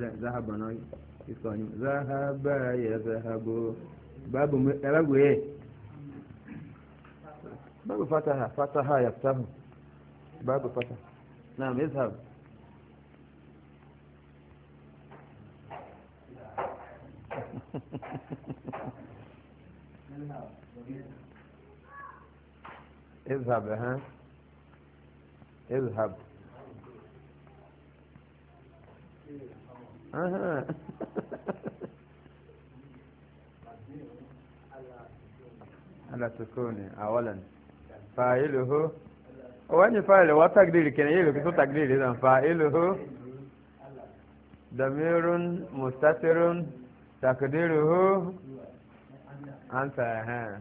ولا ذهب ناي يسكن ذهب يذهب باب باب ايه باب فتح فتح يفتح باب فتح نعم يذهب اذهب ها اذهب آه. على سكونه أولا فاعله وين فاعله وتقدير كان يلو كتو تقدير إذا فاعله ضمير مستتر تقديره أنت ها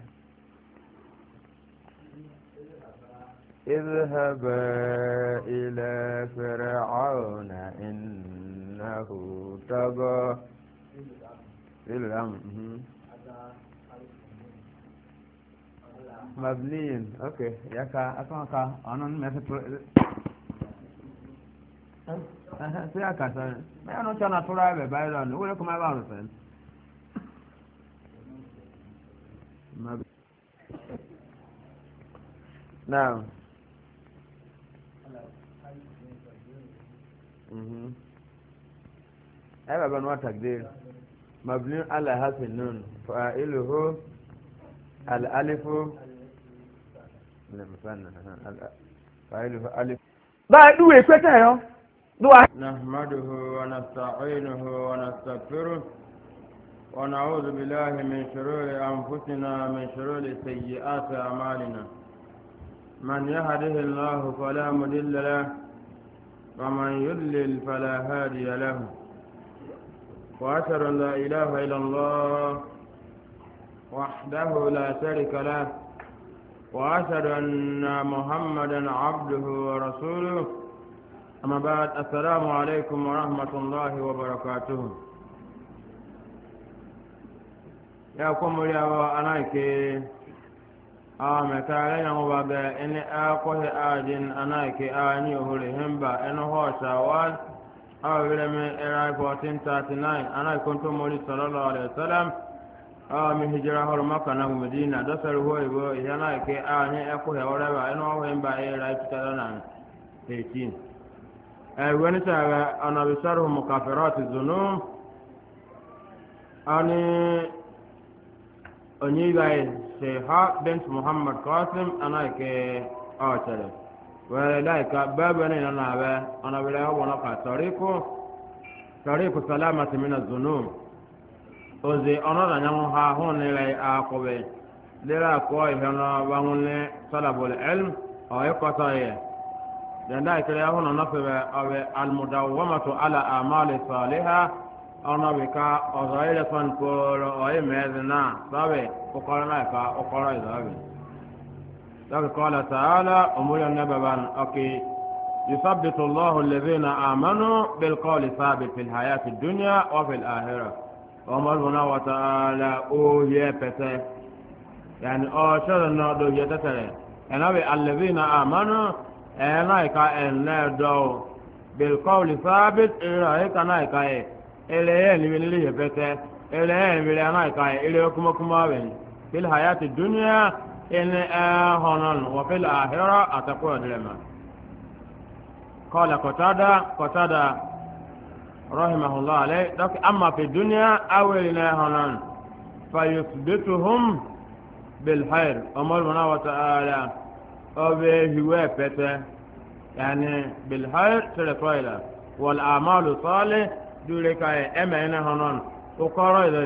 اذهبا ارتضى فعل الأمر مبني أوكي يكا أكونكا أنا مثل sai aka sani mai yana wuce na tura bai bayan rani wuri kuma ba mu sani na Mm-hmm. أي بابا نوع تقدير مبني على حرف النون فاعله الألف فاعله ألف بعد ويكتا يا نحمده ونستعينه ونستغفره ونعوذ بالله من شرور أنفسنا من شرور سيئات أعمالنا من يهده الله فلا مضل له ومن يضلل فلا هادي له وأشهد أن لا إله إلا الله وحده لا شريك له وأشهد أن محمدا عبده ورسوله أما بعد السلام عليكم ورحمة الله وبركاته يا قوم يا أنايك آمك علينا مبادئ إن أقوه آدين أنايك آني أهلهم با إن هو شوال awa wele mi era 1439 ana ikonto mori sallallahu alaihi wasallam awa mi hijira maka na medina da sar ho ibo yana ke a ne e ko hewara ba eno ho en E era 2018 ay wani ta ana bisaru mukafirat zunum ani onyi se sheha bint muhammad qasim ana ke a tare ولذلك باب لنا أنا بلا يوم طريق طريق سلامة من الذنوب ozi ọnọdụ anyanwụ ha hụ n'ile akwụbe dịrị akụọ ihe n'ọgbanwụle salabul elm ọ ịkọta ihe denda ikiri ahụ na nọfebe ọbụ almudawamatu ala amali saliha ọnọbi ka ọzọ ilekwa nkoro ọ ime ezi na sọbi ụkọrọ na ka ụkọrọ ịzọbi لقد قال تعالى أمور النبوة أوكي يثبت الله الذين آمنوا بالقول ثابت في الحياة الدنيا وفي الآخرة هنا وتعالى أوه بته يعني أوه أشهر النادو يتتري يعني، أنا بي الذين آمنوا أنا إكا النادو بالقول ثابت إلا إكا نايكا إيه. إلا يلي من اللي بته إلا يلي من اللي نايكا إيه. إلا يكما كما في الحياة الدنيا إن آهنا وفي الآخرة أتكون لما قال قتادة قتادة رحمه الله عليه أما في الدنيا أول آهنا فيثبتهم بالخير أمر منا وتعالى أبي هو فتى يعني بالخير تلفايلة والأعمال الصالح دولك أمين هنا وقرأ إذا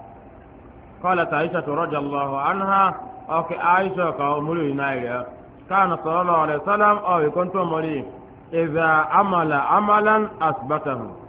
قالت عائشة رضي الله عنها أو عائشة كأمري نايا كان صلى الله عليه وسلم أو كنت مريم إذا عمل عملا أثبته